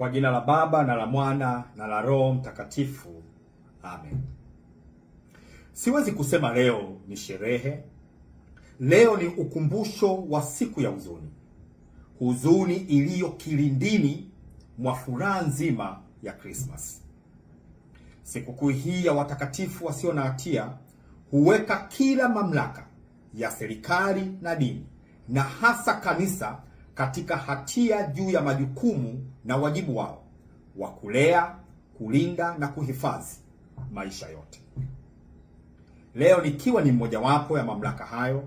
Kwa jina la Baba na la Mwana na la Roho Mtakatifu, amen. Siwezi kusema leo ni sherehe. Leo ni ukumbusho wa siku ya huzuni, huzuni iliyo kilindini mwa furaha nzima ya krismas Sikukuu hii ya watakatifu wasio na hatia huweka kila mamlaka ya serikali na dini na hasa kanisa katika hatia juu ya majukumu na wajibu wao wa kulea, kulinda na kuhifadhi maisha yote. Leo nikiwa ni mmojawapo ya mamlaka hayo,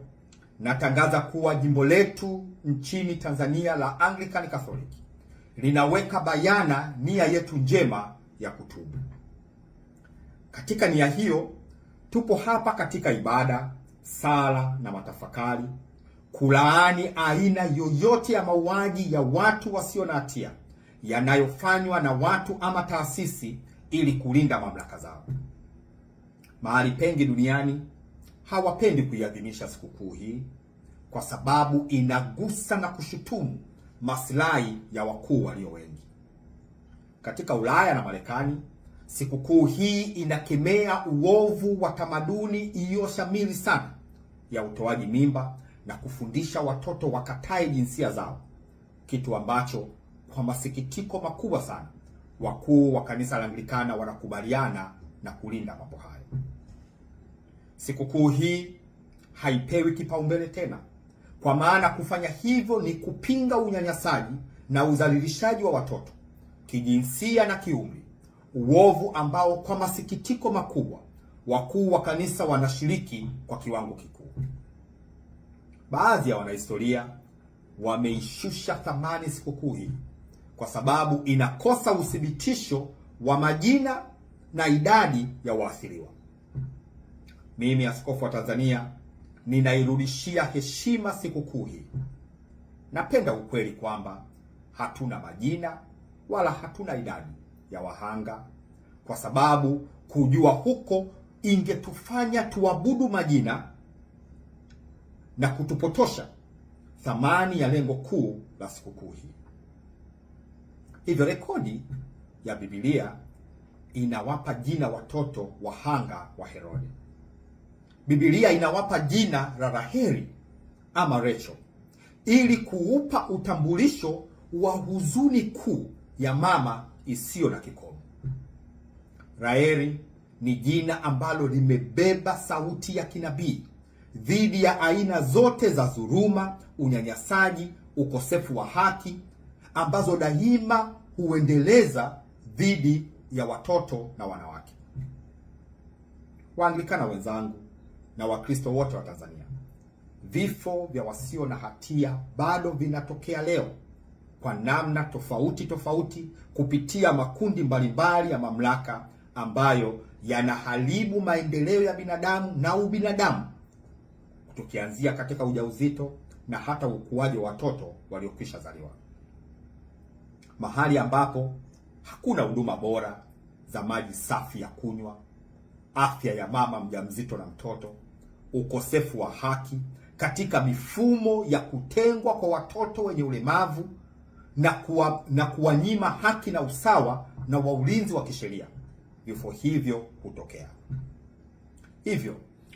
natangaza kuwa jimbo letu nchini Tanzania la Anglican Catholic linaweka bayana nia yetu njema ya kutubu. Katika nia hiyo, tupo hapa katika ibada, sala na matafakari kulaani aina yoyote ya mauaji ya watu wasio na hatia yanayofanywa na watu ama taasisi ili kulinda mamlaka zao. Mahali pengi duniani hawapendi kuiadhimisha sikukuu hii kwa sababu inagusa na kushutumu maslahi ya wakuu walio wengi. Katika Ulaya na Marekani, sikukuu hii inakemea uovu wa tamaduni iliyoshamiri sana ya utoaji mimba na kufundisha watoto wakatae jinsia zao, kitu ambacho kwa masikitiko makubwa sana wakuu wa kanisa la Anglikana wanakubaliana na kulinda mambo hayo. Sikukuu hii haipewi kipaumbele tena, kwa maana kufanya hivyo ni kupinga unyanyasaji na udhalilishaji wa watoto kijinsia na kiumri, uovu ambao kwa masikitiko makubwa wakuu wa kanisa wanashiriki kwa kiwango kikubwa. Baadhi ya wanahistoria wameishusha thamani sikukuu hii kwa sababu inakosa uthibitisho wa majina na idadi ya waathiriwa. Mimi askofu wa Tanzania ninairudishia heshima sikukuu hii. Napenda ukweli kwamba hatuna majina wala hatuna idadi ya wahanga, kwa sababu kujua huko ingetufanya tuabudu majina na kutupotosha thamani ya lengo kuu la sikukuu hii. Hivyo rekodi ya Biblia inawapa jina watoto wahanga wa Herode. Biblia inawapa jina la Raheli ama Rachel ili kuupa utambulisho wa huzuni kuu ya mama isiyo na kikomo. Raheli ni jina ambalo limebeba sauti ya kinabii dhidi ya aina zote za dhuluma, unyanyasaji, ukosefu wa haki ambazo daima huendeleza dhidi ya watoto na wanawake. Waanglikana wenzangu na Wakristo wote wa Tanzania, vifo vya wasio na hatia bado vinatokea leo kwa namna tofauti tofauti kupitia makundi mbalimbali ya mamlaka ambayo yanaharibu maendeleo ya binadamu na ubinadamu tukianzia katika ujauzito na hata ukuaji wa watoto waliokwisha zaliwa, mahali ambapo hakuna huduma bora za maji safi ya kunywa, afya ya mama mjamzito na mtoto, ukosefu wa haki katika mifumo ya kutengwa kwa watoto wenye ulemavu na kuwa, na kuwanyima haki na usawa na wa ulinzi wa kisheria, vifo hivyo hutokea. Hivyo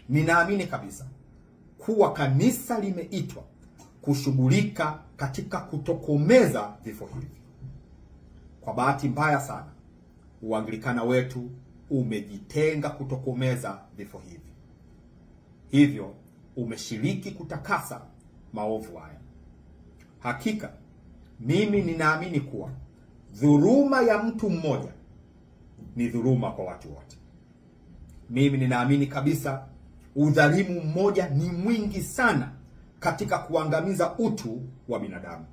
ninaamini kabisa kuwa kanisa limeitwa kushughulika katika kutokomeza vifo hivi. Kwa bahati mbaya sana, Uanglikana wetu umejitenga kutokomeza vifo hivi, hivyo umeshiriki kutakasa maovu haya. Hakika mimi ninaamini kuwa dhuruma ya mtu mmoja ni dhuruma kwa watu wote. Mimi ninaamini kabisa udhalimu mmoja ni mwingi sana katika kuangamiza utu wa binadamu.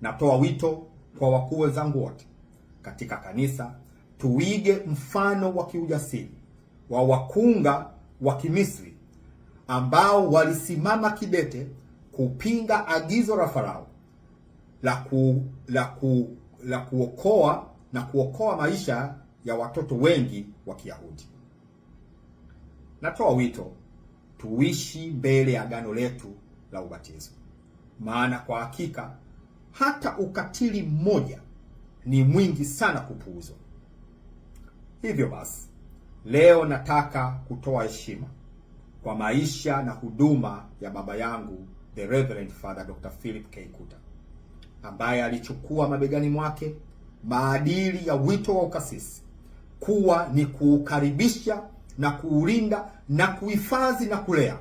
Natoa wito kwa wakuu wenzangu wote katika kanisa, tuige mfano wa kiujasiri wa wakunga wa Kimisri ambao walisimama kidete kupinga agizo la Farao la ku, la ku, la kuokoa na kuokoa maisha ya watoto wengi wa Kiyahudi. Natoa wito tuishi mbele ya agano letu la ubatizo, maana kwa hakika hata ukatili mmoja ni mwingi sana kupuuzwa. Hivyo basi, leo nataka kutoa heshima kwa maisha na huduma ya baba yangu the Reverend Father Dr. Philip K. Kuta ambaye alichukua mabegani mwake maadili ya wito wa ukasisi kuwa ni kuukaribisha na kuulinda na kuhifadhi na kulea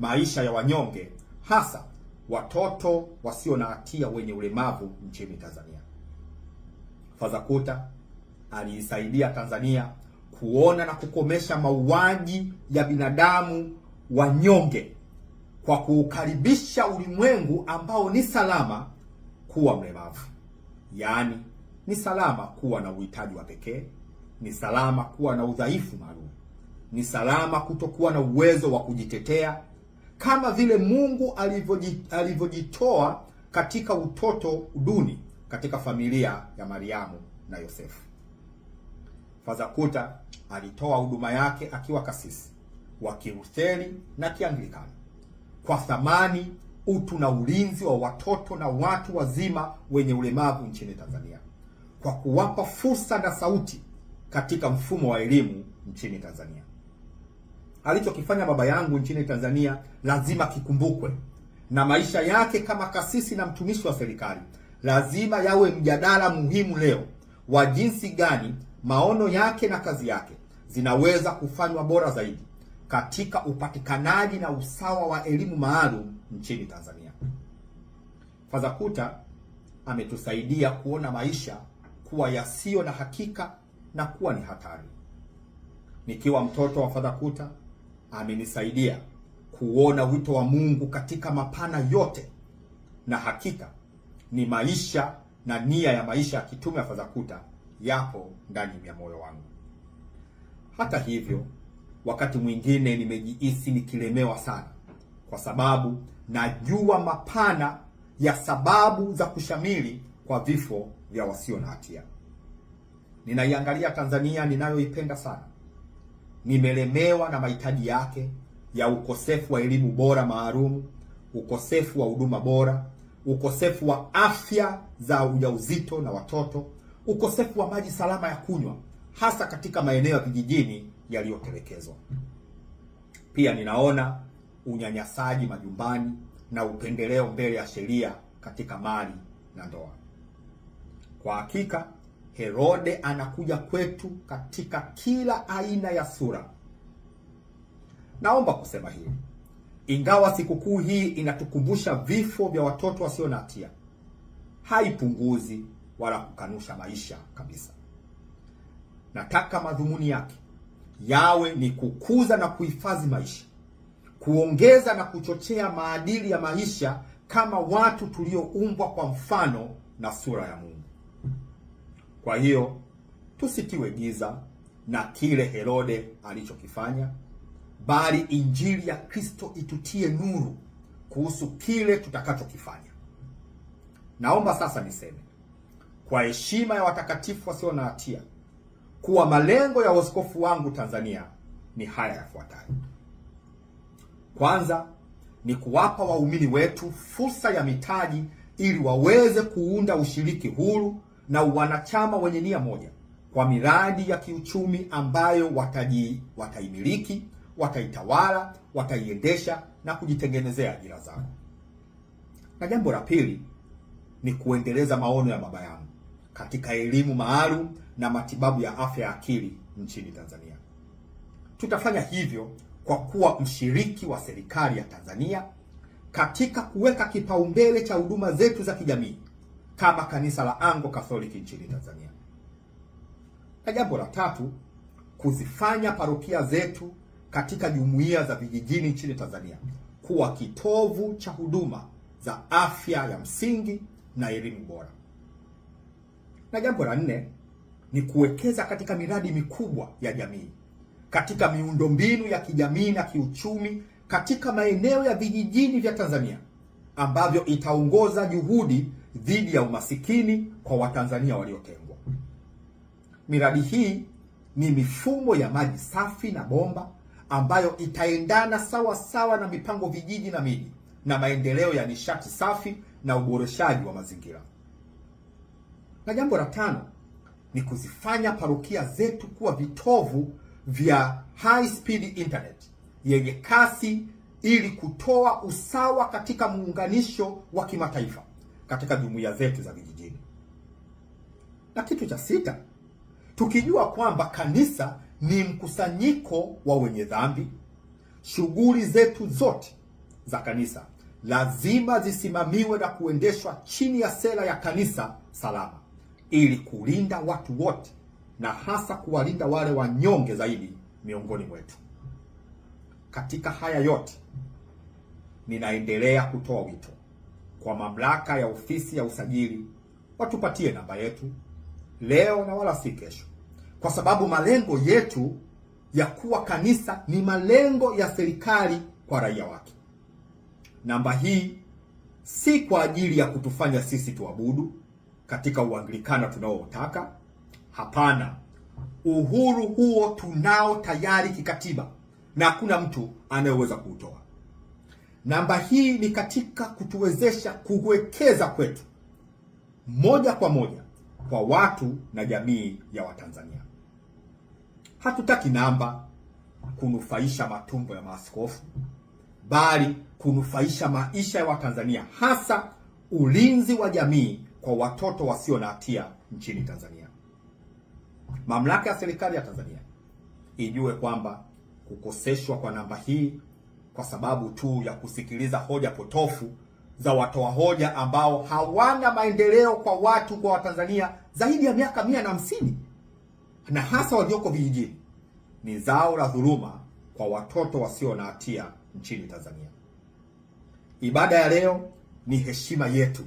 maisha ya wanyonge, hasa watoto wasio na hatia wenye ulemavu nchini Tanzania. fazakuta aliisaidia Tanzania kuona na kukomesha mauaji ya binadamu wanyonge kwa kuukaribisha ulimwengu ambao ni salama kuwa mlemavu, yaani ni salama kuwa na uhitaji wa pekee, ni salama kuwa na udhaifu maalum ni salama kutokuwa na uwezo wa kujitetea kama vile Mungu alivyojitoa katika utoto duni katika familia ya Mariamu na Yosefu. Faza Kuta alitoa huduma yake akiwa kasisi wa Kilutheri na Kianglikana kwa thamani, utu na ulinzi wa watoto na watu wazima wenye ulemavu nchini Tanzania kwa kuwapa fursa na sauti katika mfumo wa elimu nchini Tanzania alichokifanya baba yangu nchini Tanzania lazima kikumbukwe, na maisha yake kama kasisi na mtumishi wa serikali lazima yawe mjadala muhimu leo wa jinsi gani maono yake na kazi yake zinaweza kufanywa bora zaidi katika upatikanaji na usawa wa elimu maalum nchini Tanzania. Fadha ametusaidia kuona maisha kuwa yasiyo na hakika na kuwa ni hatari. Nikiwa mtoto wa Fadhakuta, amenisaidia kuona wito wa Mungu katika mapana yote, na hakika ni maisha na nia ya maisha ya kitume ya FADHAKUTA yapo ndani ya moyo wangu. Hata hivyo, wakati mwingine nimejihisi nikilemewa sana, kwa sababu najua mapana ya sababu za kushamili kwa vifo vya wasio na hatia. Ninaiangalia Tanzania ninayoipenda sana nimelemewa na mahitaji yake ya ukosefu wa elimu bora maalum, ukosefu wa huduma bora, ukosefu wa afya za ujauzito na watoto, ukosefu wa maji salama ya kunywa, hasa katika maeneo ya vijijini yaliyotelekezwa. Pia ninaona unyanyasaji majumbani na upendeleo mbele ya sheria katika mali na ndoa. Kwa hakika Herode anakuja kwetu katika kila aina ya sura. Naomba kusema hili, ingawa sikukuu hii inatukumbusha vifo vya watoto wasio na hatia, haipunguzi wala kukanusha maisha kabisa. Nataka madhumuni yake yawe ni kukuza na kuhifadhi maisha, kuongeza na kuchochea maadili ya maisha kama watu tulioumbwa kwa mfano na sura ya Mungu. Kwa hiyo tusitiwe giza na kile Herode alichokifanya, bali injili ya Kristo itutie nuru kuhusu kile tutakachokifanya. Naomba sasa niseme kwa heshima ya watakatifu wasio na hatia kuwa malengo ya uaskofu wangu Tanzania ni haya yafuatayo. Kwanza ni kuwapa waumini wetu fursa ya mitaji ili waweze kuunda ushiriki huru na wanachama wenye nia moja kwa miradi ya kiuchumi ambayo wataji wataimiliki, wataitawala, wataiendesha na kujitengenezea ajira zao. Na jambo la pili ni kuendeleza maono ya baba yangu katika elimu maalum na matibabu ya afya ya akili nchini Tanzania. Tutafanya hivyo kwa kuwa mshiriki wa serikali ya Tanzania katika kuweka kipaumbele cha huduma zetu za kijamii kama kanisa la Anglo Catholic nchini Tanzania. Na jambo la tatu, kuzifanya parokia zetu katika jumuiya za vijijini nchini Tanzania kuwa kitovu cha huduma za afya ya msingi na elimu bora. Na jambo la nne ni kuwekeza katika miradi mikubwa ya jamii, katika miundombinu ya kijamii na kiuchumi katika maeneo ya vijijini vya Tanzania ambavyo itaongoza juhudi dhidi ya umasikini kwa Watanzania waliotengwa. Miradi hii ni mifumo ya maji safi na bomba ambayo itaendana sawa sawa na mipango vijiji na miji na maendeleo ya nishati safi na uboreshaji wa mazingira. Na jambo la tano ni kuzifanya parokia zetu kuwa vitovu vya high speed internet yenye kasi ili kutoa usawa katika muunganisho wa kimataifa katika jumuiya zetu za vijijini. Na kitu cha sita, tukijua kwamba kanisa ni mkusanyiko wa wenye dhambi, shughuli zetu zote za kanisa lazima zisimamiwe na kuendeshwa chini ya sera ya kanisa salama, ili kulinda watu wote na hasa kuwalinda wale wanyonge zaidi miongoni mwetu. Katika haya yote, ninaendelea kutoa wito kwa mamlaka ya ofisi ya usajili watupatie namba yetu leo na wala si kesho, kwa sababu malengo yetu ya kuwa kanisa ni malengo ya serikali kwa raia wake. Namba hii si kwa ajili ya kutufanya sisi tuabudu katika uanglikana tunaoutaka. Hapana, uhuru huo tunao tayari kikatiba na hakuna mtu anayeweza kuutoa. Namba hii ni katika kutuwezesha kuwekeza kwetu moja kwa moja kwa watu na jamii ya Watanzania. Hatutaki namba kunufaisha matumbo ya maaskofu, bali kunufaisha maisha ya Watanzania, hasa ulinzi wa jamii kwa watoto wasio na hatia nchini Tanzania. Mamlaka ya serikali ya Tanzania ijue kwamba kukoseshwa kwa namba hii kwa sababu tu ya kusikiliza hoja potofu za watoa hoja ambao hawana maendeleo kwa watu kwa Watanzania zaidi ya miaka mia na hamsini na hasa walioko vijijini, ni zao la dhuluma kwa watoto wasio na hatia nchini Tanzania. Ibada ya leo ni heshima yetu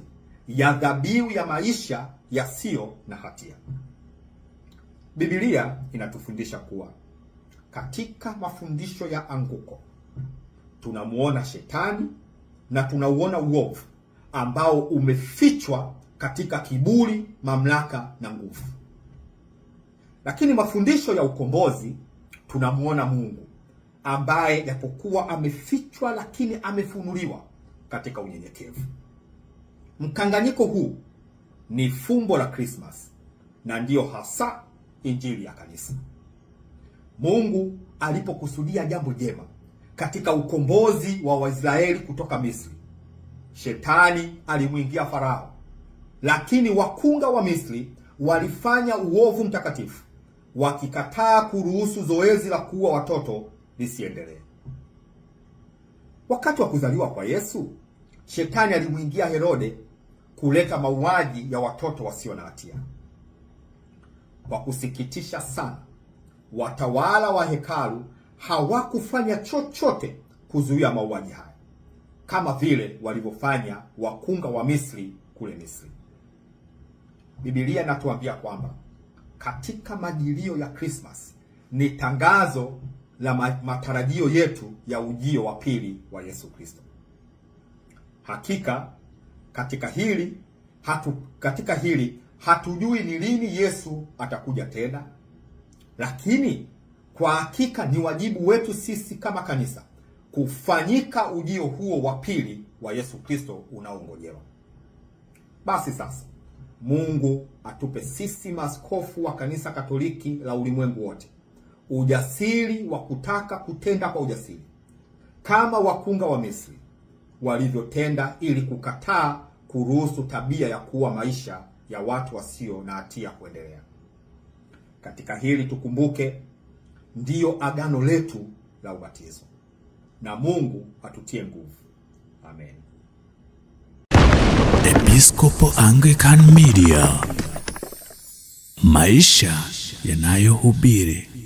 ya dhabihu ya maisha yasiyo na hatia. Biblia inatufundisha kuwa katika mafundisho ya anguko tunamuona shetani na tunauona uovu ambao umefichwa katika kiburi, mamlaka na nguvu. Lakini mafundisho ya ukombozi tunamuona Mungu ambaye yapokuwa amefichwa lakini amefunuliwa katika unyenyekevu. Mkanganyiko huu ni fumbo la Krismas na ndiyo hasa injili ya kanisa. Mungu alipokusudia jambo jema katika ukombozi wa Waisraeli kutoka Misri. Shetani alimwingia Farao, lakini wakunga wa Misri walifanya uovu mtakatifu, wakikataa kuruhusu zoezi la kuua watoto lisiendelee. Wakati wa kuzaliwa kwa Yesu, shetani alimwingia Herode kuleta mauaji ya watoto wasio na hatia. Kwa kusikitisha sana, watawala wa hekalu hawakufanya chochote kuzuia mauaji haya kama vile walivyofanya wakunga wa Misri kule Misri. Biblia inatuambia kwamba katika majilio ya Krismas ni tangazo la matarajio yetu ya ujio wa pili wa Yesu Kristo. Hakika katika hili hatu, katika hili hatujui ni lini Yesu atakuja tena, lakini kwa hakika ni wajibu wetu sisi kama kanisa kufanyika ujio huo wa pili wa Yesu Kristo unaoongojewa. Basi sasa Mungu atupe sisi maaskofu wa kanisa Katoliki la ulimwengu wote ujasiri wa kutaka kutenda kwa ujasiri kama wakunga wa Misri walivyotenda ili kukataa kuruhusu tabia ya kuwa maisha ya watu wasio na hatia kuendelea. Katika hili tukumbuke ndiyo agano letu la ubatizo. Na Mungu atutie nguvu. Amen. Episcopal Anglican Media, maisha yanayohubiri.